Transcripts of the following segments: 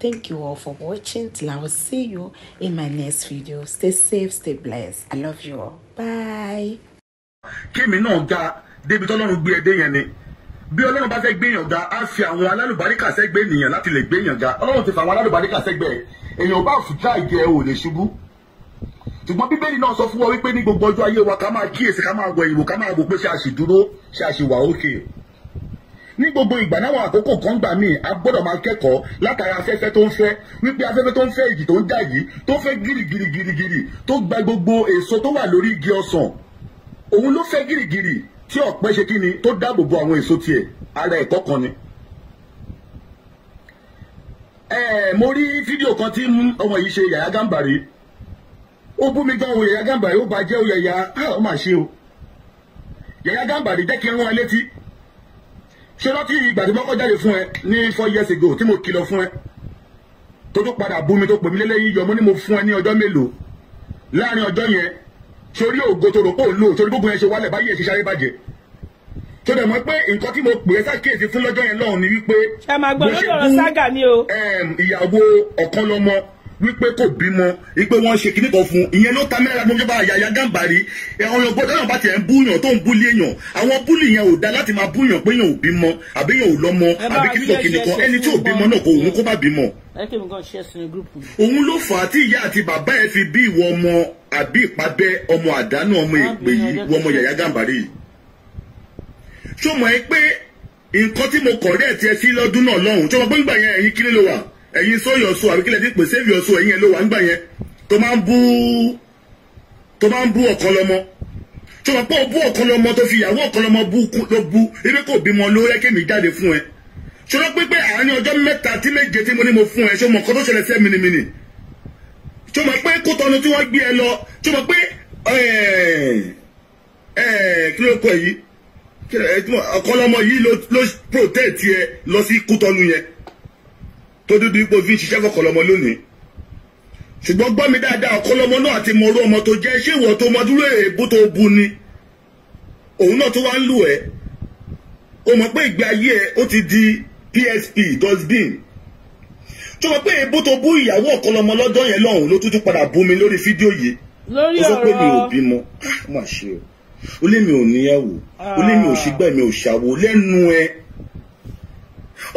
Thank you all for watching. Till I will see you in my next video. Stay safe, stay blessed. I love you all. Bye. Kémi náà ga débi tọ́lọ́run gbé ẹdẹ yẹn ni. Bí Ọlọ́run bá fẹ́ gbéyàn ga, á fi àwọn alálùbáríkà sẹ́gbẹ́ ènìyàn láti lè gbéyàn ga. Ọlọ́run ti fa àwọn alálùbáríkà sẹ́gbẹ́ èèyàn ò bá fùtá ìjẹ ò lè ṣubú. Ṣùgbọ́n Bíbélì náà sọ fún wa wípé ní gbogbo ọjọ́ ayé wa ká máa kíyèsí ká máa wọ ìwò ká máa wò pé ṣe àṣìdúró ṣe àṣìwà òkè. Okay ní gbogbo ìgbà náwọn àkókò kan gbà míì a gbọ́dọ̀ máa kẹ́kọ̀ọ́ látara afẹ́fẹ́ tó ń fẹ́ wípé afẹ́fẹ́ tó ń fẹ́ ìjì tó ń dà yìí tó fẹ́ gírígírígírígírí tó gba gbogbo èso tó wà lórí igi ọsàn òun ló fẹ́ gírígírí tí ọ̀pẹ ṣe kí ni tó dáàbò bo àwọn èso tiẹ̀ ara ẹ̀kọ́ kan ni. ẹ mo rí fídíò kan tí ọmọ yìí ṣe Yàyà Gàmbàrí ó bú mi gan o Yàyà Gàmbàrí ó bàjẹ́ o Yàyà ah, ó mà ṣe o Yàyà Gàmbàrí jẹ́ kí n rán ẹ létí ṣé rántí ìgbà tí mo kọ́ jáde fún ẹ ní four years ago tí mo kìlọ̀ fún ẹ tó tó padà bú mi tó pè mí lélẹ́yìn yọ mo ní mo fún ẹ ní ọjọ́ mélòó láàrin ọjọ́ yẹn sórí ògo tó rò pé òun lò sórí gbogbo yẹn ṣe wálẹ̀ báyìí èṣe ṣáré bàjẹ́ tó dẹ̀ mọ́ pé nǹkan tí mo pè é sákèsí fún lọ́jọ́ yẹn lọ́hùn ni wípé. ẹ máa gbọ́ lọ́dọ̀ ọ̀rọ̀ ságà ni o. ìyàwó ọ̀kan lọ́mọ wípé kò bímọ wípé wọ́n ṣe kíní kan fún ìyẹn ló ta mẹ́rẹ́ra gbọ́njọ́ bá yàyà gàǹbàrí ẹ̀hún yóò gbọ́dọ̀ náà bá tiẹ̀ ń búyàn tó ń búlé èèyàn àwọn búlì yẹn ò dá láti máa búyàn pé èèyàn ò bímọ àbí èèyàn ò lọ́mọ àbí kíní kan kíní kan ẹni tí ò bímọ náà kò òun kó bá bímọ. òun ló fà á tí ìyá àti bàbá ẹ fi bí ìwọ ọmọ àbí ìpàbẹ ọmọ àdánù ọmọ èpè yìí wọ ọmọ yàyà gàǹbàrí ẹ̀yin sọ́yọ̀sọ àbíkílẹ̀ tí pè save your soul ẹ̀yin ẹ̀ ló wà ń gbà yẹn tó máa ń bú tó máa ń bú ọ̀kan lọ́mọ tó máa pọ̀ bú ọ̀kan lọ́mọ tó fi ìyàwó ọ̀kan lọ́mọ bú ló bú ebi kò bímọ ló rẹ́ kémi jáde fún ẹ ṣọlá pípẹ́ àárín ọjọ́ mẹ́ta tí méje tí mo ní mo fún ẹ ṣé mo kọ́ tó ṣẹlẹ̀ sẹ́ mìnìmìnì tó máa pé kó tọ́nu tí wọ́n gbé ẹ lọ tó máa pé kí ló kọ yìí ọ̀kan lọ́mọ yìí ló protect yẹ lọ sí kútọ́nu yẹn tó dúdú ipò fi ṣiṣẹ́ fọkànlọ́mọ lónìí ṣùgbọ́n gbọ́ mi dáadáa ọ̀kọ́lọ́mọ náà àti mọ̀rú ọmọ tó jẹ́ ṣé ìwọ tó mọ dúró èébú tó bu ni òun náà tó wá ń lù ẹ́ o mọ̀ pé ìgbé ayé ẹ ó ti di PSP dustbin tó mọ̀ pé èébú tó bú ìyàwó ọ̀kọ́lọ́mọ lọ́jọ́ yẹn lọ́hùn ló tún tún padà bú mi lórí fídíò yìí ó sọ pé mi ò bímọ ah, má ṣe o ó lé mi ò níyàwó ó lé mi ò ṣègbà mi ò ṣàwó lẹ́nu ẹ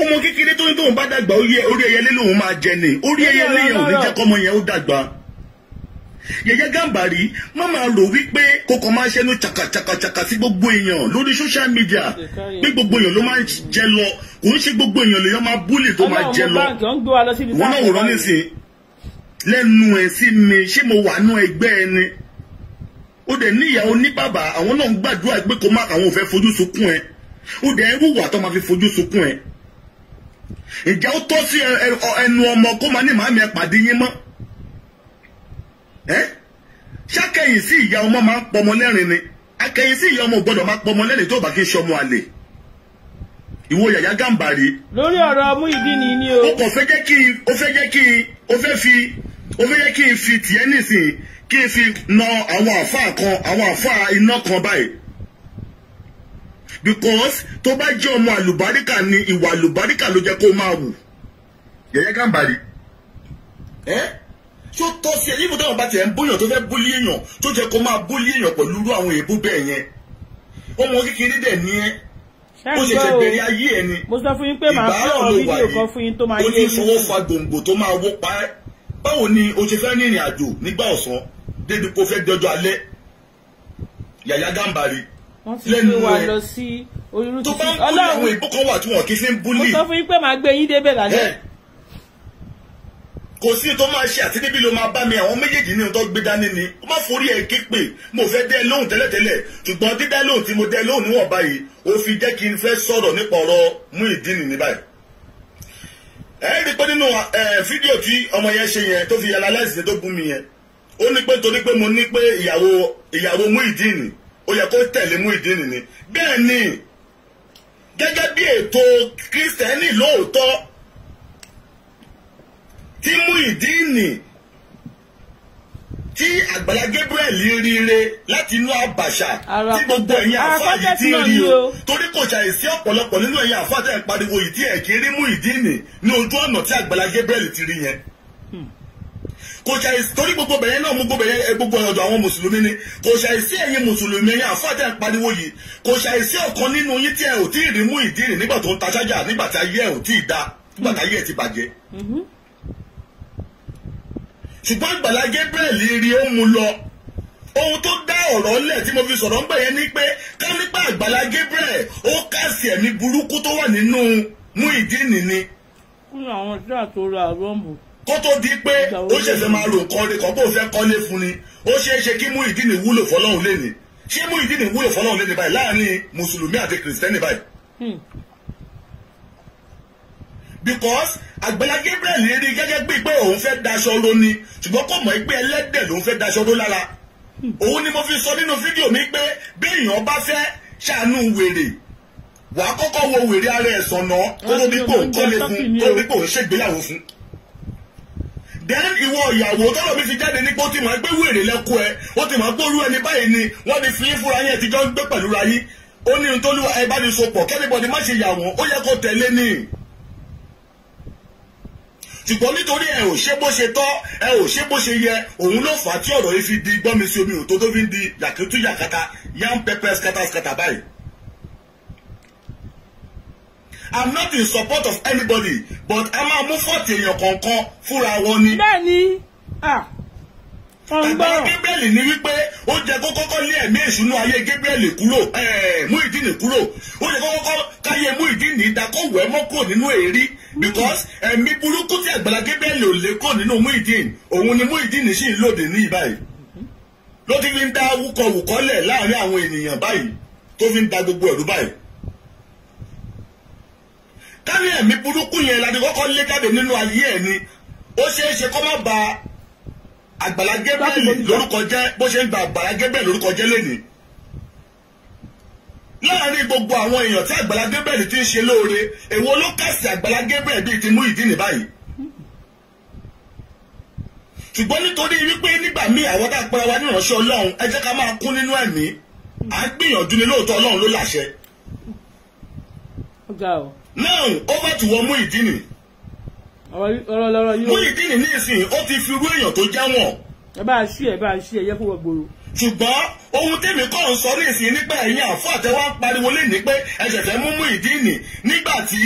ọmọ kékeré tó ń tóun bá dàgbà orí ẹyẹlé lòun máa jẹ ni orí ẹyẹlé yẹn ò ní jẹ́ kọ́mọ yẹn ó dàgbà yẹyẹ Gàmbàrí má máa rò wípé kókò máa ṣẹnu ṣàkàṣàkàṣàkà sí gbogbo èèyàn lórí social media pé gbogbo èèyàn ló máa ń jẹ lọ kò ń ṣe gbogbo èèyàn lèèyàn máa búlì tó máa jẹ lọ wọn náà wòrán nísìn lẹ́nu ẹ̀ sí mi ṣé mo wà nú ẹgbẹ́ ẹni ó dẹ̀ ní ìyàwó ní bàbá àwọn náà ń gbàdúrà pé kó má àwọn ò fẹ́ fojú sunkún ẹ ó dẹ̀ ń wùwà tó máa fi fojú sunkún ẹ ìjà ó tọ́ sí ẹnu ọmọ kó máa ní màámi ẹ pàdé yín mọ́ ṣàkẹyìn sí ìyá ọmọ máa ń pọmọ lẹ́rìn ni akẹyìn sí ìyá ọmọ gbọ́dọ̀ máa pọmọ lẹ́rìn tó bá kí n ṣọmọ àlè ìwọ yàyà gàǹbàrí. lórí ọ̀rọ̀ Muyideen ni o. o kò fẹ́ jẹ́ kí o fẹ́ jẹ́ kí o fẹ́ fi o fẹ́ jẹ́ kí n fi tiẹ̀ nísìnyí kí n fi na àwọn àfa kan àwọn àfa iná kan báyìí because tó bá jẹ́ ọmọ àlùbáríkà ni ìwà àlùbáríkà ló jẹ́ kó máa wù. Yẹ̀yẹ́ Gàmbàrí. ẹ ṣó tọ́ sí ẹ yíbo táwọn bá tiẹ̀ ń bóyàn tó fẹ́ bólí èèyàn tó jẹ́ kó máa bólí èèyàn pẹ̀lú irú àwọn èèbú bẹ́ẹ̀ yẹn ọmọ kékeré dẹ̀ ni ẹ ó ṣẹ̀ṣẹ̀ bẹ̀rẹ̀ ayé ẹ ni ìbára ọ̀nà wà yìí ó ní fọwọ́ fa gbòǹgbò tó máa wó pa ẹ́ báwo ni o ṣe fẹ́ rìnrìn àjò nígbà ọ̀sán débi kó fẹ́ dọjọ́ alẹ́ Yàyà Gàmbàrí wọ́n ti gbé wa lọ sí onírúurú títí ọlọ́run tó bá ń bú àwọn ìbú kan wà tí wọn kì í fi ń búlì. mo sọ fún yín pé màá gbé yín débẹ̀ lálẹ́. kò sí tó máa ṣe àti níbi ló máa bá mi àwọn méjèèjì ní ohun tó gbé dání ni ó má forí ẹ ké pè mo fẹ́ dẹ́ lóhùn tẹ́lẹ̀tẹ́lẹ̀ ṣùgbọ́n dídá lóhùn tí mo dẹ́ lóhùn níwọ̀n báyìí ó fi jẹ́ kí n fẹ́ sọ̀rọ̀ nípa ọ̀rọ̀ Muyideen ní báyìí ẹ rí pé nínú fídíò tí ọmọ yẹn ṣe yẹn tó fi analyze tó gún mi yẹn ó ní pé torí pé mo ní pé ìyàwó ìyàwó Muyideen ó yẹ kó tẹ̀lé Muyideen ni bẹ́ẹ̀ ni gẹ́gẹ́ bí ètò kristẹni lóòótọ́ tí Muyideen tí Àgbàlá Gabriel ríire láti inú àbàṣà tí gbogbo ẹ̀yin àfa yìí ti rí o torí kò ṣàì sí ọ̀pọ̀lọpọ̀ nínú ẹ̀yin àfa tẹ̀ pariwo yìí tí ẹ̀ kiri Muyideen ní ojú ọ̀nà tí Àgbàlá Gabriel ti rí yẹn kò ṣe torí gbogbo bẹ̀yẹn náà mú gbogbo bẹ̀yẹn gbogbo ọ̀dọ̀ àwọn mùsùlùmí ni kò ṣe àìsí ẹ̀yin mùsùlùmí ẹ̀yin àfáàjà ìpariwo yìí kò ṣe àìsí ọ̀kan nínú yín tí ẹ ò tí ì rí mú ìdí rìn nígbà tó ń ta ṣájà nígbà tí ayé ẹ ò tí ì da nígbà tí ayé ẹ ti bàjẹ́. Mm-hmm. ṣùgbọ́n Àgbàlá Gabriel rí ó mu lọ ohun tó dá ọ̀rọ̀ lẹ̀ tí mo fi sọ̀rọ̀ ń bẹ̀yẹn ni pé ká nípa Àgbàlá Gabriel ó kásì ẹ̀mí burúkú tó wà nínú mú ìdí nìní. kúrò àwọn tí àtòrò àrọ́mù kó tó di pé ó ṣẹ̀ṣẹ̀ máa rò kọ́lé kan bó fẹ́ kọ́lé fún ni ó ṣeé ṣe kí Muyideen wúlò fọlọ́run lẹ́ni ṣé Muyideen wúlò fọlọ́run lẹ́ni báyìí láàrin mùsùlùmí àti kìrìsìtẹ́nì báyìí. Hmm. because Àgbàlá Gabriel rí gẹ́gẹ́ bíi pé òun fẹ́ daṣọ ro ni ṣùgbọ́n kò mọ̀ pé ẹlẹ́dẹ̀ lòun fẹ́ daṣọ ro lára hmm. òun ni mo fi sọ nínú fídíò mi pé bí èèyàn bá fẹ́ ṣàánú wèrè wàá kọ́kọ́ wo wèrè ara ẹ̀ sọ̀nà kó tó bí pò ń kọ́lé fún tó bí pò ń ṣègbéyàwó fún then ìwọ ìyàwó tọ́lọ̀ mi fi jáde ní pé ó ti máa gbé wèrè lẹ́kọ̀ọ́ ẹ ó ti máa gbóru ẹni báyìí ni wọ́n ti fi fúnra yẹn ti jọ ń gbé pẹ̀lú ra yín ó ní ohun tó lúwa ẹ bá ní so pọ̀ kẹ́nìbọ̀dì má ṣe yà wọ́n ó yẹ kó tẹ̀lé ni ṣùgbọ́n nítorí ẹ ò ṣe bó ṣe tọ́ ẹ ò ṣe bó ṣe yẹ òun ló fà á tí ọ̀rọ̀ yìí fi di gbọ́n mi sí omi òtó tó fi ń di yàkútú yàkátá yam pẹpẹ skátàskátà báyìí i'm not in support of anybody but a máa mú fọ́ọ̀tì èèyàn kọ̀ọ̀kan fúnra wọn ni. bẹ́ẹ̀ni àgbà Gabriel ní wípé ó jẹ kó kọ́kọ́ lé ẹ̀mí ìṣúná ayé Gabriel kúrò Muyideen kúrò ó jẹ kó kọ́kọ́ káyé Muyideen ìdákọ̀wé mọ́ kúrò nínú èrí hmm. because ẹ̀mí burúkú tí Àgbàlá Gabriel ò lè kó nínú Muyideen òun ni Muyideen sì ń lòdì ní ìbáyìí ló ti fi ń dá wúkọ̀wúkọ́ lẹ̀ láàrin àwọn ènìyàn báyìí tó fi ń da gbogbo ẹ̀rú báyìí kárí ẹ̀mí burúkú yẹn láti kọ́kọ́ lé jáde nínú ayé ẹ̀ ni ó é ṣe kó má ba Àgbàlá Gabriel lórúkọ jẹ́ bó ṣe ń gba Àgbàlá Gabriel lórúkọ jẹ́ lẹ́nìí láàárín gbogbo àwọn èèyàn tí Àgbàlá Gabriel ti ń ṣe lóore èwo ló kàsì Àgbàlá Gabriel bíi ti mú ìdí nì báyìí ṣùgbọ́n nítorí wípé nígbà míì àwọn tá a pẹ́ra wa níránṣẹ́ Ọlọ́run ẹ jẹ́ ká máa kún nínú ẹ̀mí à ń gbìyànjú ni lóòótọ́ Ọlọ́run ló láṣẹ. ó ga ọ́ now over to wọn Muyideen. ọ̀rọ̀ lọ́rọ̀ yìí o. Muyideen ní ìsìn ó ti fi irú èèyàn tó já wọn. ẹ bá a ṣí ẹ bá a ṣí ẹ yẹ kó wọ gbòòrò. ṣùgbọ́n ohun tèmi kọ́ ń sọ ní ìsìn nígbà ẹ̀yìn àfọ́ àtẹwá ń pariwo lẹ́ni pé ẹ ṣẹ̀fẹ̀ mú Muyideen nígbà tí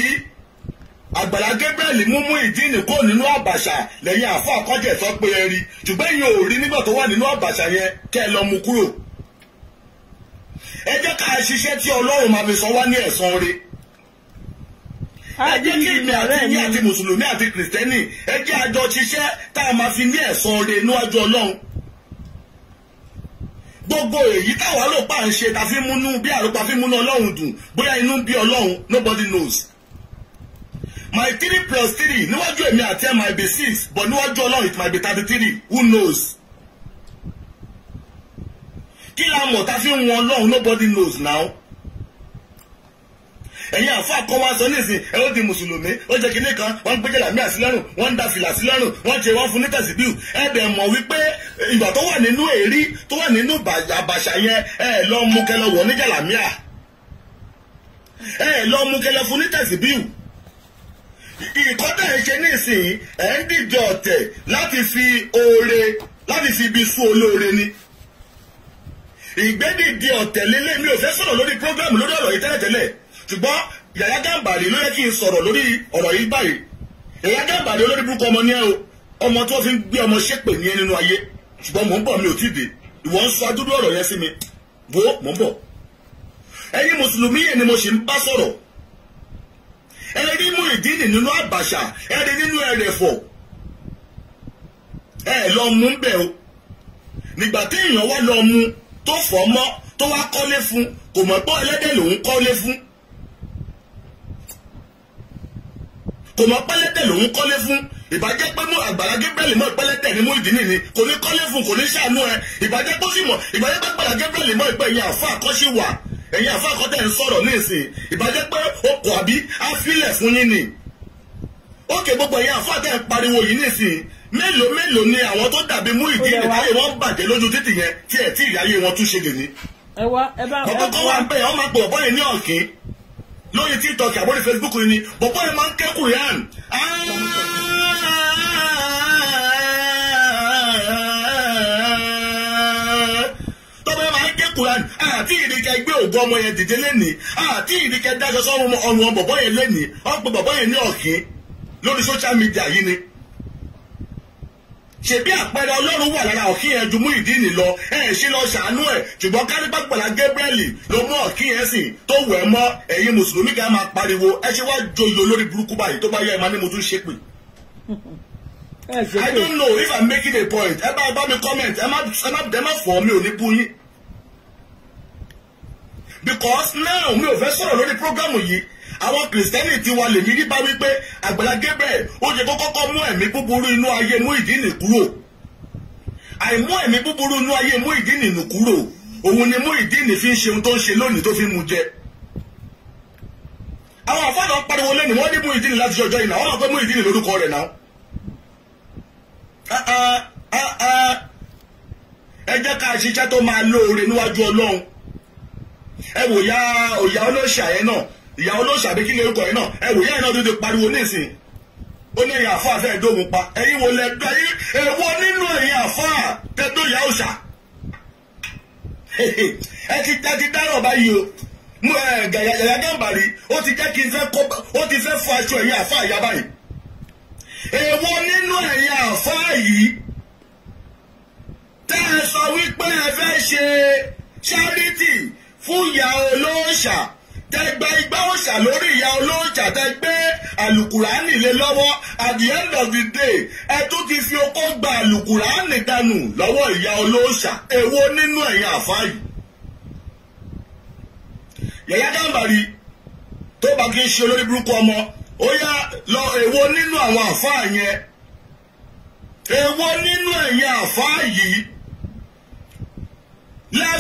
Àgbàlá Gabriel mú Muyideen kó nínú àbàṣà lẹ́yìn àfọ́ àkọ́jẹ́ sọ pé ẹ rí ṣùgbọ́n ìyẹn ò rí nígbà tó wà nínú àbàṣà yẹn kẹ́ ẹ lọ mú kúrò ẹ jẹ́ ká ṣiṣẹ́ tí Ọlọ́run máa fi sọ wá ní ẹ̀san rẹ̀ ẹ jẹ́ kí èmi àti yín àti mùsùlùmí àti kìrìsìtẹ́nì ẹ jẹ́ àjọ ṣiṣẹ́ tá a máa fi ní ẹ̀san oore níwájú ọlọ́run gbogbo èyí táwa ló pa ń ṣe ta fi múnú bí àròpá fi múnú ọlọ́run dùn bóyá inú bí ọlọ́run nobody knows my three plus three níwájú èmi àti ẹ̀ my be six but níwájú ọlọ́run it might be thirty three who knows kí la mọ̀ ta fi ń wọn ọlọ́run nobody knows now ẹ̀yin àfa kan wá sọ nísìn ẹ ó di mùsùlùmí ó jẹ́ kinní kan wọ́n ń gbẹ́jẹ̀ làmí àsílẹ́rùn wọ́n ń da fìlà sílẹ́rùn wọ́n ṣe wọ́n fún ní tẹ̀síbíù ẹ bẹ̀ mọ̀ wípé ìgbà tó wà nínú èrí tó wà nínú àbàṣà yẹn ẹ lọ mú kẹlẹ wọ̀ níjẹ̀ làmíà ẹ lọ mú kẹlẹ fún ní tẹ̀síbíù ìkọ́tẹ̀ ṣe nísìn ẹ̀ ń dìjọ ọ̀tẹ̀ láti fi oore láti fi ibi sún olóore ni ìgbédìde ọ̀tẹ̀ lélẹ́ mi ò fẹ́ sọ̀rọ̀ lórí prógrámù lórí ọ̀rọ̀ yìí tẹ́lẹ̀tẹ́lẹ̀ ṣùgbọ́n Yàyà Gàmbàrí ló yẹ kí n sọ̀rọ̀ lórí ọ̀rọ̀ yìí báyìí Yàyà Gàmbàrí olórí burúkú ọmọ ní ẹ o ọmọ tó fi ń gbé ọmọ ṣépè ní ẹ nínú ayé ṣùgbọ́n mò ń bọ̀ mi ò tí ì dé ìwọ ń sọ adúrú ọ̀rọ̀ yẹn sí mi wo mò ń bọ̀ ẹ̀yin mùsùlùmí yẹn ni mo ṣì ń bá sọ̀rọ̀ ẹni mú ìdíni nínú àbàṣà ẹni nínú ẹrẹ̀fọ̀ ẹ lọ mú bẹ́ẹ̀ o nígbà téèyàn wá lọ mú tó fọ́ mọ́ tó wá kọ́lé fún kò mọ̀ pọ́ ẹlẹ́dẹ̀ lòún kọ́lé fún kò mọ pẹ́lẹ́tẹ̀ lòún kọ́lé fún ìbàjẹ́ pé mú Àgbàlá Gabriel mọ́ pẹ́lẹ́tẹ̀ ní Muyideen ni kò ní kọ́lé fún kò ní ṣàánú ẹ ìbàjẹ́ pọ́ sí mọ̀ ìbàjẹ́ pé Àgbàlá Gabriel mọ́ ìpẹ́ ìyẹn àfa àkọ́ṣe wà ẹ̀yìn àfa àkọ́tẹ̀ ń sọ̀rọ̀ ní ìsìn ìbàjẹ́ pé okò àbí àfilẹ̀ fún yín ni ókè gbogbo ẹ̀yìn àfa àtẹ̀ ń pariwo yìí ní ìsìn mélòó mélòó ni àwọn tó dàbí Muyideen táyé wọn bàjẹ́ lójú títì yẹn tí ẹ̀ tí ìyáyé wọn tún ṣe lè ní. ẹ wá ẹ bá ẹ wá ọkọ wa ń bẹ ọ máa pè ọ báyìí ní ọ̀kín lórí tiktok àbórí facebook ni bọ̀bọ́ yẹn máa ń ké quran tọ́bọ̀ yẹn máa ń ké quran àti ìdíkẹ́ gbé ògùn ọmọ yẹn dìde lẹ́nìí àti ìdíkẹ́ dájọ́ sọ́run ọ̀run bọ̀bọ́ yẹn lẹ́nìí ọ̀pọ̀ bọ̀bọ́ yẹn ní ọ̀kín lórí social media yìí ni ṣèbí àpẹẹrẹ ọlọ́run wà lára ọ̀kí yẹn ju Muyideen lọ ẹ ṣe lọ ṣàánú ẹ̀ ṣùgbọ́n kárípà gbàlá Gabriel ló mú ọ̀kí yẹn sìn tó wẹ̀ mọ́ ẹ̀yin mùsùlùmí kan máa pariwo ẹ ṣe wá joyè olórí burúkú báyìí tó bá yẹ ẹ máa ní mo tún ṣépè. I don't know if I'm making a point ẹ bá bá mi comment ẹ má ẹ má fọ mi ò ní bú yín because now mi ò fẹ́ sọ̀rọ̀ lórí prógámù yìí àwọn kìrìsìtẹ́nì tí wà lèmi rí bá wípé àgbàlá Gabriel ó yẹ kó kọ́kọ́ mú ẹ̀mí búburú inú ayé Muyideen kúrò àìmú ẹ̀mí búburú inú ayé Muyideen kúrò òun ni Muyideen fi ń ṣe ohun tó ń ṣe lónìí tó fi mu jẹ àwọn àfáàdọ̀ pariwo lẹ́nu wọ́n ní Muyideen láti ọjọ́ ìlà wọ́n mọ̀ pé Muyideen lórúkọ rẹ̀ náà ah, ah, ah, ẹ jẹ́ ká ṣiṣẹ́ tó máa lóore níwájú Ọlọ́run ẹ wòyá òyà ọlọ́ṣà yẹn náà ìyàwó ló ṣàbí kí ni orúkọ yìí náà ẹ wòye náà tó pariwo nísìn ó ní ẹ̀yin àfa àfẹ́ ìdóhùn pa ẹ̀yin wò lẹ́gbẹ́ yìí èwo nínú ẹ̀yin àfa tẹ́tọ́ ìyá òòṣà ẹ ti ẹ ti dárò báyìí o mo ẹ Yahya Gambari ó ti jẹ́ kí n fẹ́ kó ó ti fẹ́ fọ aṣọ ẹ̀yin àfa ìyá báyìí èwo nínú ẹ̀yin àfa yìí tẹ́ ẹ sọ wípé ẹ fẹ́ ṣe charity fún ìyá olóòṣà. tẹgbẹ igba igbá òòṣà lórí ìyá olóòṣà tẹ gbé àlùkùránì lé at the end of the day ẹ tún ti fi okó gba àlùkùránì dànù lọwọ ìyá olóòṣà èwo nínú ẹ̀yà àfáàyè. Yàyà Gàmbàrí tó bá kí n ṣe olórí burúkú ọmọ ó yá lọ èwo nínú àwọn àfáà yẹn èwo nínú ẹ̀yà àfáà yìí.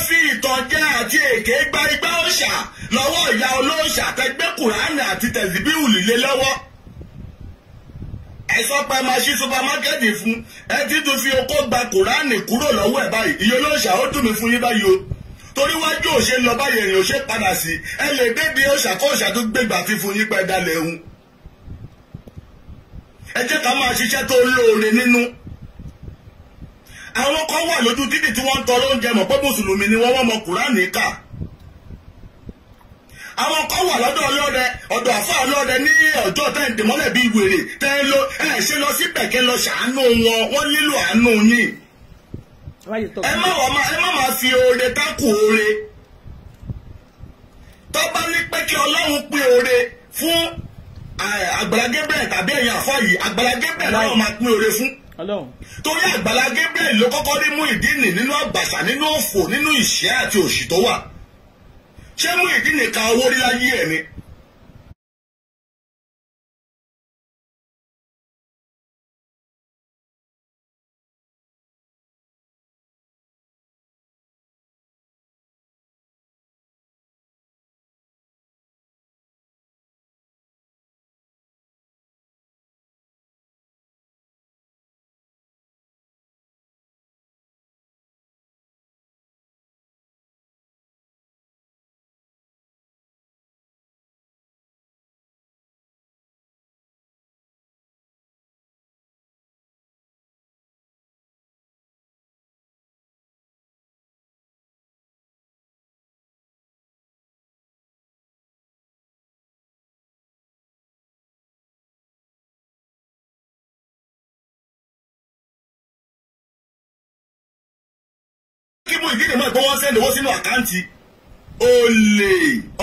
fi ìtànjẹ àti èké gba igbá òòṣà lọ́wọ́ ìyá olóòṣà tẹgbẹ́ kùránì àti tẹ̀síbíù líle lọ́wọ́ ẹ sọ pé máa ṣí supamákẹ́tì fún ẹ ti tún fi okó gba kùránì kúrò lọ́wọ́ ẹ̀ báyìí ìyá olóòṣà ó dùn mí fún yín báyìí o torí wájú òṣè lọ báyìí ẹ̀yìn òṣè padà sí ẹ lè débi òòṣà kó òòṣà tó gbégbà ti fún yín pẹ́ dalẹ̀ ẹ̀hún ẹ jẹ́ ká máa ṣiṣẹ́ tó lóore nínú àwọn kan wà lójú títì tí wọ́n ń tọrọ oúnjẹ mọ̀ pé mùsùlùmí ni wọ́n wọ́n mọ kùránì kà àwọn kan wà lọ́dọ̀ ọlọ́dẹ ọ̀dọ̀ àfa ọlọ́dẹ ní ọjọ́ tẹ́ ń dìmọ́lẹ̀ bíi wèrè tẹ́ ń lọ ẹ ṣe lọ síbẹ̀ kí lọ ṣàánú wọn wọ́n nílò àánú yín ẹ má wọ́n ẹ má máa fi oore tákù oore tó bá ní pé kí ọlọ́run pín oore fún Àgbàlá tàbí ẹ̀yìn àfọ yìí Àgbàlá náà máa pín oore fún torí Àgbàlá Gabriel ló kọ́kọ́ rí Muyideen nínú àgbàsà nínú òfò nínú ìṣẹ́ àti òṣì tó wà ṣé Muyideen ka owó rí láyé ẹ̀ ni. Muyideen náà tó wọ́n sẹ́ndì owó sínú àkáǹtì olè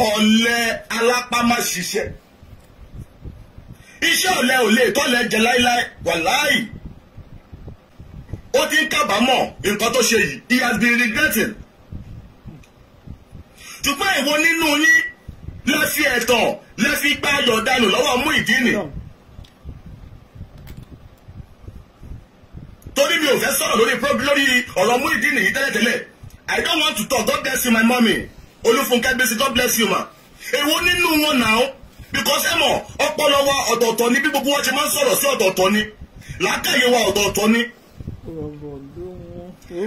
ọ̀lẹ alápámáṣiṣẹ́ iṣẹ́ ọ̀lẹ ò lè tọ́lẹ̀ jẹ láíláí wàláì ó ti ń kábàámọ̀ nǹkan tó ṣe yìí he has been regretting ṣùgbọ́n ìwo nínú yín lẹ fi ẹ̀tàn lẹ fi gba ayọ̀ dànù lọ́wọ́ Muyideen torí mi ò fẹ́ sọ̀rọ̀ lórí ọ̀rọ̀ Muyideen yìí tẹ́lẹ̀tẹ́lẹ̀. I don't want to talk. God bless you, my mommy. Olúfúnkẹ́ Bísí, God bless you, ma. Èwo nínú wọn now Because ẹ mọ̀, ọpọlọ wa ọ̀tọ̀ọ̀tọ̀ ni bí gbogbo wa ṣe máa ń sọ̀rọ̀ sí ọ̀tọ̀ọ̀tọ̀ ni. Làákàyè wa ọ̀tọ̀ọ̀tọ̀ ni.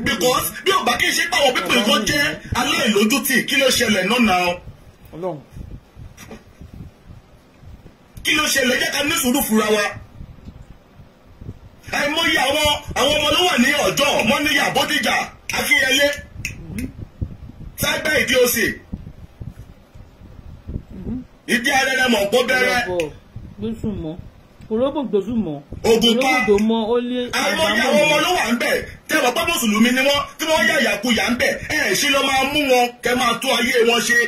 Because bí ọba kì í ṣe pàwọ̀ pípé nǹkan jẹ́ aláìlójútì kí ló ṣẹlẹ̀ náà náà? Kí ló ṣẹlẹ̀ jẹ́ ká ní sùúrù fúra wa? Àìmọye àwọn àwọn ọmọ ló wà ní ọjọ́ mọ́níyà Bódìjà Akínyẹlé ságbá ìdí òsì ìdí arẹ́rẹ́ mọ̀ kó bẹ̀rẹ̀. òróbò gbèsù mọ ògùnpá àwọn ìyàwó wọn ló wà ń bẹ tẹwọ pé mùsùlùmí ni wọn tí wọn yà yàkuyà ń bẹ ẹ ṣe ló máa mú wọn kẹ máa tún ayé wọn ṣe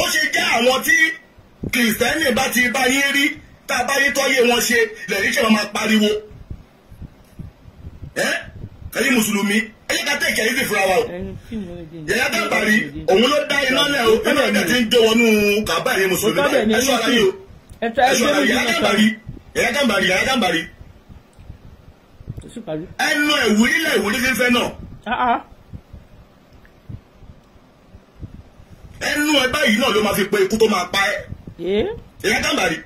ó ṣe jẹ́ àwọn tí kìrìsìtẹ́nì bá ti bá yín rí tá a bá yín tọ́yé wọn ṣe lẹ́yìn tí wọ́n máa pariwo ẹ̀yin mùsùlùmí jẹ́ ká tẹ̀kẹ́ yìí fúnra wa o. Yàyà Gàmbàrí òun ló dá iná lẹ̀ o iná ọ̀dà ti ń jó wọnú kàbá yẹn mùsùlùmí báyìí ẹ̀ṣọ́ ara yìí o ẹ̀ṣọ́ ara yìí Yàyà Gàmbàrí Yàyà Gàmbàrí Yàyà Gàmbàrí. ẹnu ẹ̀wúrí lẹ̀ ẹ̀wúrí fífẹ́ náà. ẹnu ẹ báyìí náà ló máa fi pe ikú tó máa pa ẹ́ Yàyà Gàmbàrí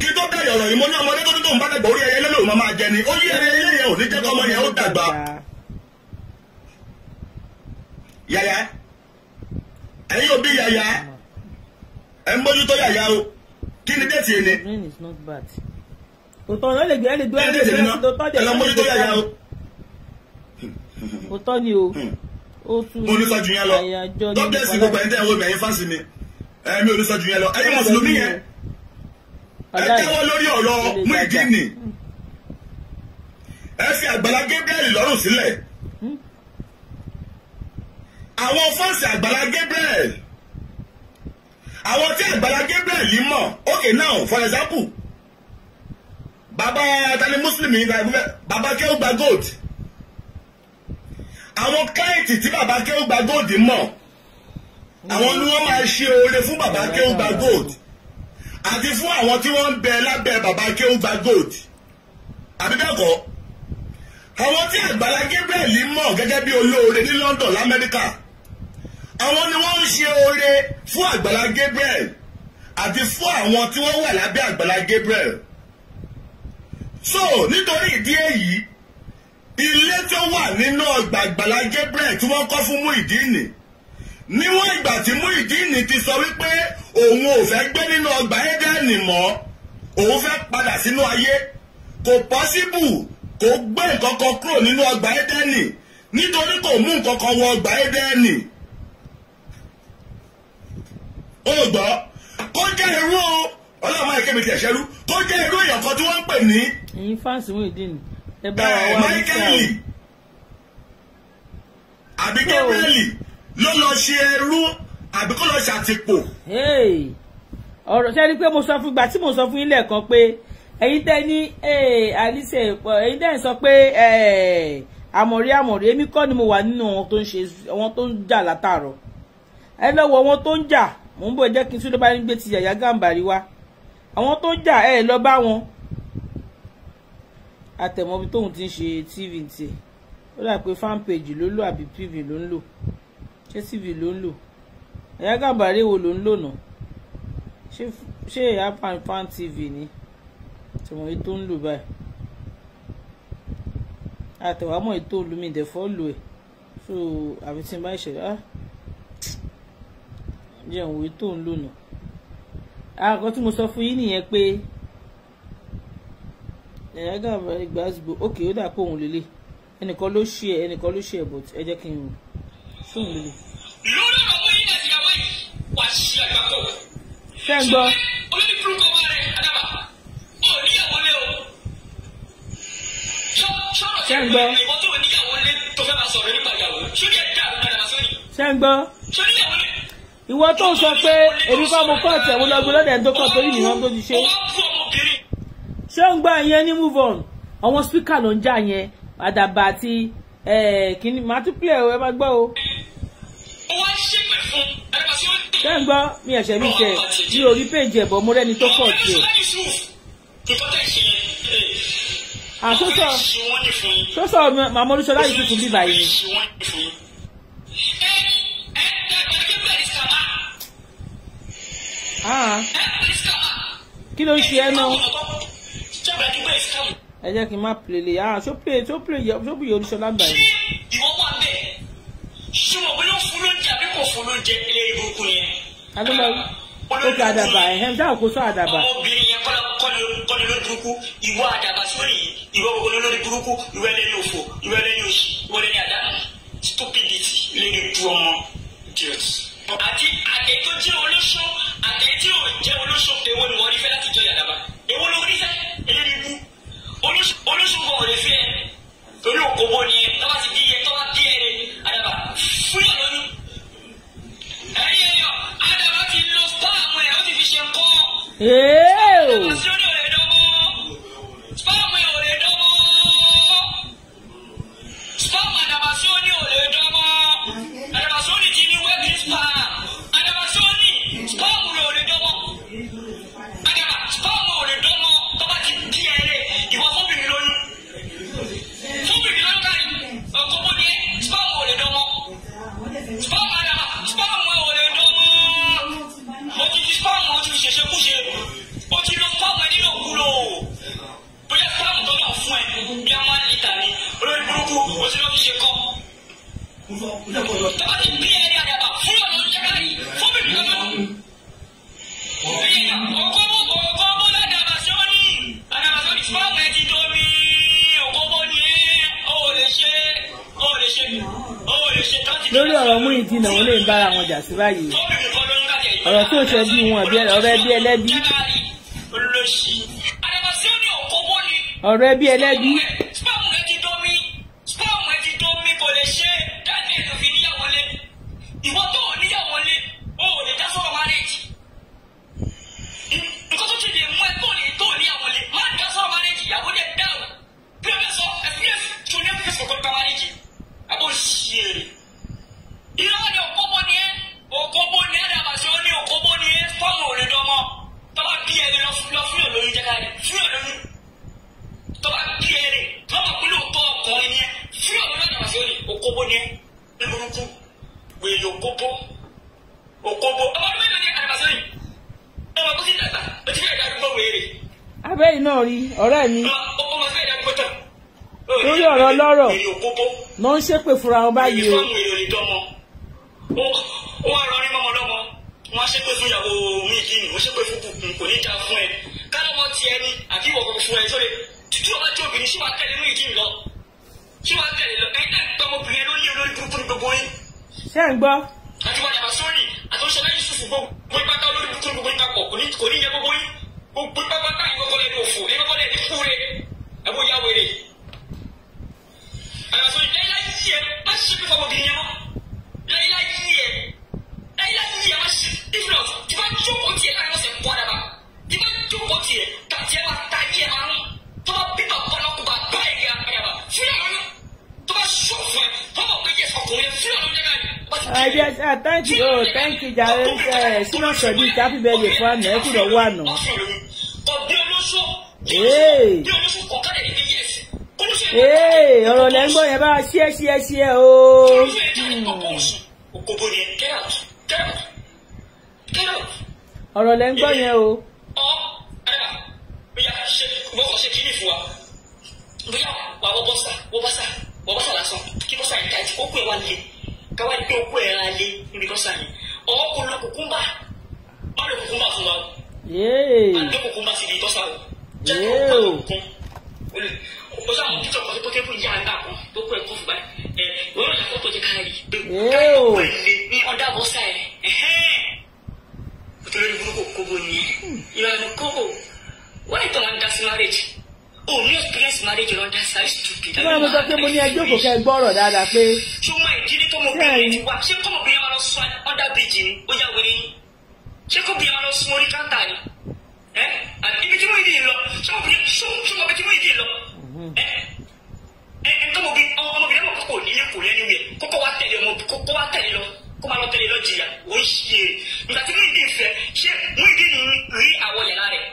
kí tó bẹ̀rẹ̀ ọ̀rọ̀ yìí mo ní ọmọdé tó ní tó ń bá dàgbà orí ẹyẹlé lòun máa máa jẹ ni ó yí ẹyẹlé yẹn ò ní jẹ́ kọ́ ọmọ yẹn ó dàgbà. yàyà ẹ̀yin òbí yàyà ẹ̀ ń bójútó yàyà o kí ni déètì yìí ni. òtọ́ ló lè gbé ẹni gbé ẹni gbé ẹni tó tọ́ yàyà o. òtọ́ ni o hmm. ó tún ní àyájọ́ ní ìpàdé. mo ní sọ jù yẹn lọ tọ́kẹ́sì gbogbo ẹni tẹ́ ẹ̀ wọ́n ẹjẹ́wọ́ lórí ọ̀rọ̀ Muyideen ẹ fi Àgbàlá Gabriel lọ́rùn sílẹ̀ hmm? àwọn fọ́ọ̀sì Àgbàlá Gabriel àwọn tí Àgbàlá Gabriel yìí mọ̀ okay now for example bàbá tani muslim yìí bàbá kẹ́hùn gba gold àwọn káyìtì tí bàbá kẹ́hùn gba gold mọ̀ àwọn ni wọ́n máa ṣe oore fún bàbá kẹ́hùn gba gold àti fún àwọn tí wọ́n ń bẹ lábẹ́ bàbá Kéúgba Gold àbí bẹ́ẹ̀ kọ́ àwọn tí Àgbàlá Gabriel mọ̀ gẹ́gẹ́ bí olóore ní London l'Amẹ́ríkà àwọn ni wọ́n ń ṣe oore fún Àgbàlá Gabriel àti fún àwọn tí wọ́n wà lábẹ́ Àgbàlá Gabriel so nítorí ìdí èyí ilé tó wà nínú ọgbà Àgbàlá Gabriel tí wọ́n kọ́ fún Muyideen níwọ̀n ìgbà tí Muyideen ti sọ wípé òun ò fẹ́ gbé nínú ọgbà Édẹ́nì mọ́ òun fẹ́ padà sínú ayé kò pọ́síbù kò gbé nǹkan kan kúrò nínú ọgbà Édẹ́nì nítorí kò mú nǹkan kan wọ ọgbà Édẹ́nì ó gbọ́ kó jẹ́ irú ọlọ́mọ ìkẹ́mi ti ẹ̀ṣẹ́rú kó jẹ́ irú èèyàn kan tí wọ́n ń pè ní. ẹ̀yin fáǹsì Muyideen ẹ bá wa eh, wá ní sáà. àbí Gabriel ló lọ ṣe ẹrú àbí kó lọ ṣàtìpó. ọ̀rọ̀ ṣẹ́ni pé mo sọ fún gbà tí mo sọ fún yín lẹ́ẹ̀kan pé ẹ̀yin tẹ́ ní àníṣe pọ̀ ẹ̀yin tẹ́ ń sọ pé eh, àmọ̀rí àmọ̀rí èmi kọ́ ni mo wà nínú àwọn tó ń ṣe àwọn tó ń jà látàárọ̀ ẹ lọ́wọ́ àwọn tó ń jà mò ń bọ̀ jẹ́ kí n tún ló bá ń gbé ti Yàyà Gàmbàrí wá àwọn tó ń jà ẹ lọ bá wọn àtẹ̀mọ́bí tóun ti ń ṣe tv ti ó dà pé fan ló lò àbí pv ló ń lò ṣé tv ló ń lò ẹ̀yà gàbàrí wo ló ń lò náà ṣé ẹ̀yà fan tv ni tìmọ̀ èyí tó ń lò báyìí àtẹ̀wámọ̀ èyí tó lù mí ìdẹ̀fọ́ lò ẹ̀ so àfi tí n bá ṣẹlẹ̀ á ah, jẹ́ òun èyí tó ń lò náà àkọ́ ah, tí mo sọ fún yín nìyẹn pé ẹ̀yà gàbàrí gbàsgbò ókè ó dà pé òun lélẹ̀ ẹnìkan ló ṣe ẹ ẹnìkan ló ṣe ẹ bọ̀ ẹ jẹ́ kí n rò fóònù mi ni. lórí ọ̀pọ̀ yìí àti ìyàwó yìí wà á ṣe àgbàkọ. ṣé ń gbọ́. olórí burúkú ọmọ rẹ adaba ò níyàwó lé o. sọ̀rọ̀ ṣé ń gbọ́. ìwọ tó níyàwó lé tó fẹ́ máa sọ̀rọ̀ nípa ìyàwó sórí ẹ̀ dá àdàbà sórí. ṣé ń gbọ́. sórí ìyàwó lé. ìwọ tó ń sọ pé èmi kọ́ mo kọ́ ọ̀tẹ̀ wo lọ́gbọ́n lọ́dẹ̀ ń dókọ̀ torí nìyẹn tó ti ṣe. ṣé ń gbọ́ ìyẹn ní move on àwọn spíkà ló ń já yẹn àdàbà àti eh, kìnnìún màá tún pílẹ̀ ẹ máa gbọ́ o ṣé ń gbọ́ mi ẹ̀ṣẹ̀ mi tẹ̀ ní orí péjì ẹ̀bọ̀ mo rẹ́ni tó pọ̀ jù. àsọsọ sọsọ màmá olúṣọlá yìí tuntun bíbá yìí. kí ló ń ṣe ẹ́ náà ẹ jẹ́ kí n má pèlè ah ṣó pèlè ṣó pèlè olúṣọlá gbà yìí. fún lóúnjẹ ilé ìbùkún yẹn. àdúgbò ó ti àdàbà ẹ̀hẹ́n dáhùn kó sọ àdàbà. ọmọbìnrin yẹn kọ́ni lórí burúkú ìwọ àdàbà sórí yìí ìwọ gbogbo lórí burúkú ìwọ ẹlẹ́ni òfò ìwọ ẹlẹ́ni òṣì ìwọ ẹlẹ́ni àdánù stupidity lẹ́ni du ọmọ dios. àti àtẹ jẹ́ olóṣó àtẹ jẹ́ olóṣó èwo ni wọ́n rí fẹ́ láti jọ yàdàbà èwo ló rí fẹ́ eléyìí bú olóṣó kò wọlé fẹ́ torí òkòwò ni tọ́ba Eu! lórí ọ̀rọ̀ Muyideen àwọn lè ń bára wọn sí báyìí ọ̀rọ̀ tó ṣe bí wọn ọ̀rẹ́ bí ẹlẹ́bí ọ̀rẹ́ bí ẹlẹ́bí. yìí náà rí ọ̀rẹ́ mi ah, lórí ọ̀rọ̀ ọlọ́rọ̀ ló ń ṣépè fúnra wọn báyìí o. ó wá rọrin mọ́mọ́dọ́mọ́ wọ́n ṣépè fún ìyàwó mi kí ni wọ́n ṣépè fún bùkún kò ní já fún ẹ kálọ́mọ́ ti ẹni àbí ìwọ̀ kọ̀ọ̀kan fún ẹ sórí títí ọba tí obìnrin ṣì tẹ̀lé mú ìdí lọ ṣì tẹ̀lé lọ ẹ̀ ẹ̀ tọmọbìnrin ló ní olórí burúkú gbogbo yín. ṣé ń gbọ́. àti wàdàbà sórí àtúnṣe lẹ́yìn ṣùṣù gbogbo ìpátá olórí burúkú ní gbogbo ìpapọ̀ kò ní yẹ gbogbo yín gbogbo pápátá ìgbọ́kọ́lẹ̀ ní òfò ìgbọ́kọ́lẹ̀ ní fúre ẹ bó yá wèrè. àyàfọ láíláí yẹ má ṣe fífọ gbogbo ìyẹn mọ láíláí yẹ láíláí yẹ má ṣe if not tí wàá jókòó tiẹ̀ láyọ̀ sẹ̀ ń bọ́ dàbà tí wàá jókòó tiẹ̀ tàbí ẹ máa ta thank you, oh, thank you, Jared. Uh, Sina Sadiq, happy birthday for me. I could have won bí ọ̀rọ̀ lẹ́ yẹn bá ṣí ẹ́ ṣí ẹ́ ṣí ẹ́ o. ọ̀rọ̀ lẹ́ yẹn o. ọ ẹ yẹn o o sọ ní ọ̀dà pé ní ẹjọ́ kò kẹ́ gbọ́rọ̀ dáadáa pé. ṣùgbọ́n ìdílé tọmọbìnrin ti wá ṣé tọmọbìnrin wa lọ sún under bridge ni ó yà wẹ̀rẹ̀ ni ṣé kó ibi tí Muyideen yìí lọ sọ́wọ́ bí tí Muyideen yìí lọ mhm. ẹ ẹ nkọ́mọbi ọmọbìnrin ọmọ kọ́kọ́ òní kò lẹ́nu yẹ kọ́kọ́ wa tẹ̀lé ọmọ kọ́kọ́ wa tẹ̀lé lọ kó máa lọ tẹ̀lé lọ jìyà ó ń ṣe é nígbà tí Muyideen fẹ́ ṣé Muyideen rí àwọ̀ yàrá rẹ̀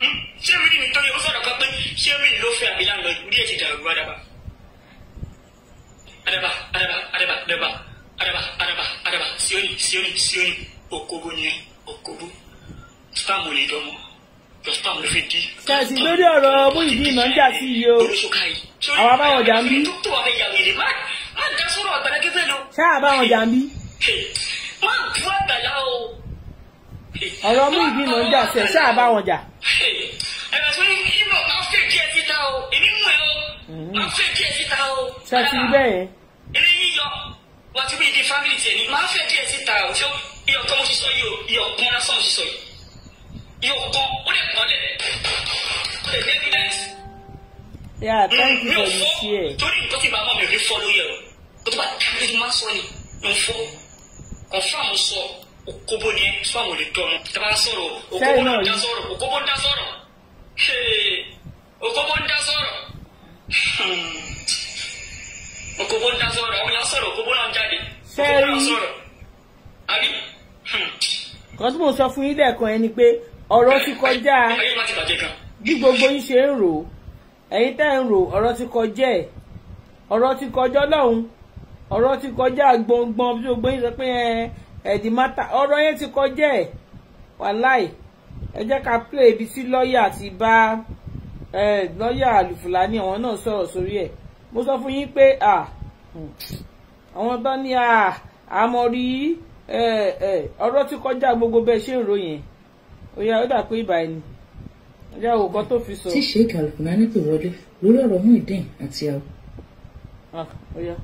hmm? ṣé rí ni tọ́lẹ̀ ó sọ̀rọ̀ kan pé ṣé rí ló fẹ́ àbílà lọ rí ẹ̀ ti dàrú adaba adaba adaba adaba adaba adaba adaba adaba sioni sioni sioni okobo ni okobo spam ò lè dọ́mọ́ dọ́sítà ló lórí ọ̀rọ̀ Muyideen iná ń sí iye o àwọn abáwọn jà ń bí. ṣáà ọ̀rọ̀ Muyideen iná ń sí ẹ̀ ṣáà abáwọn jà. Mm-hmm. ṣàtì bẹ́ẹ̀. ilé yíyọ wàá tún bí di fámìlì tiẹ̀ ni máa ń fẹ́ díẹ̀ síta o ṣé iyọ̀ kan mo ṣe sọ yìí o iyọ̀ kan lásán mo ṣe sọ yìí yóò kọ́ ó lè kọ́ lẹ̀ ó lè ní ẹ̀dẹ́sì. Yeah, thank you for this year. Torí nǹkan tí màmá mi ò ní fọ́ lórí ẹ̀rọ, ó ti bá kárí ní máa sọ ni, ló ń fọ́. Confirm sọ, òkóbó ni ẹ́, sọ àwọn olè tọ́ ọmọ. Tẹ́lá sọ̀rọ̀, òkóbó ń dá sọ̀rọ̀, òkóbó ń dá sọ̀rọ̀. Òkóbó ń dá sọ̀rọ̀. Òkóbó ń dá sọ̀rọ̀, àwọn yàn sọ̀rọ̀, òkóbó náà jáde. Òkóbó náà sọ̀rọ̀. Àbí? Kọ́sùmọ̀ sọ fún yín dẹ̀ kan ẹni pé ọ̀rọ̀ ti kọjá bí gbogbo yín ṣe ń rò ẹ̀yin tẹ́ ń rò ọ̀rọ̀ ti kọjá ẹ̀ ọ̀rọ̀ ti kọjá lọ́hùn ọ̀rọ̀ ti kọjá gbọ̀ngbọ̀n bí gbogbo yín sọ pé ẹ̀dì mátà ọ̀rọ̀ yẹn ti kọjá ẹ̀ wàláì ẹ jẹ́ ká play ibi tí lọ́ọ̀yà ti bá lọ́ọ̀yà Fúlàní àwọn náà sọ̀rọ̀ sórí ẹ̀ mo sọ fún yín pé àwọn tán ní àmọ̀rí ọ̀rọ̀ ti kọjá gbogbo bẹ́ẹ̀ ṣe ń ròyìn òyà ó dà pé ibà ẹni ọjà òkò tó fi sọ. tí sheik alukunani pè wọlé lórí ọ̀rọ̀ Muyideen àti àwọn. ọ̀yà. Ah,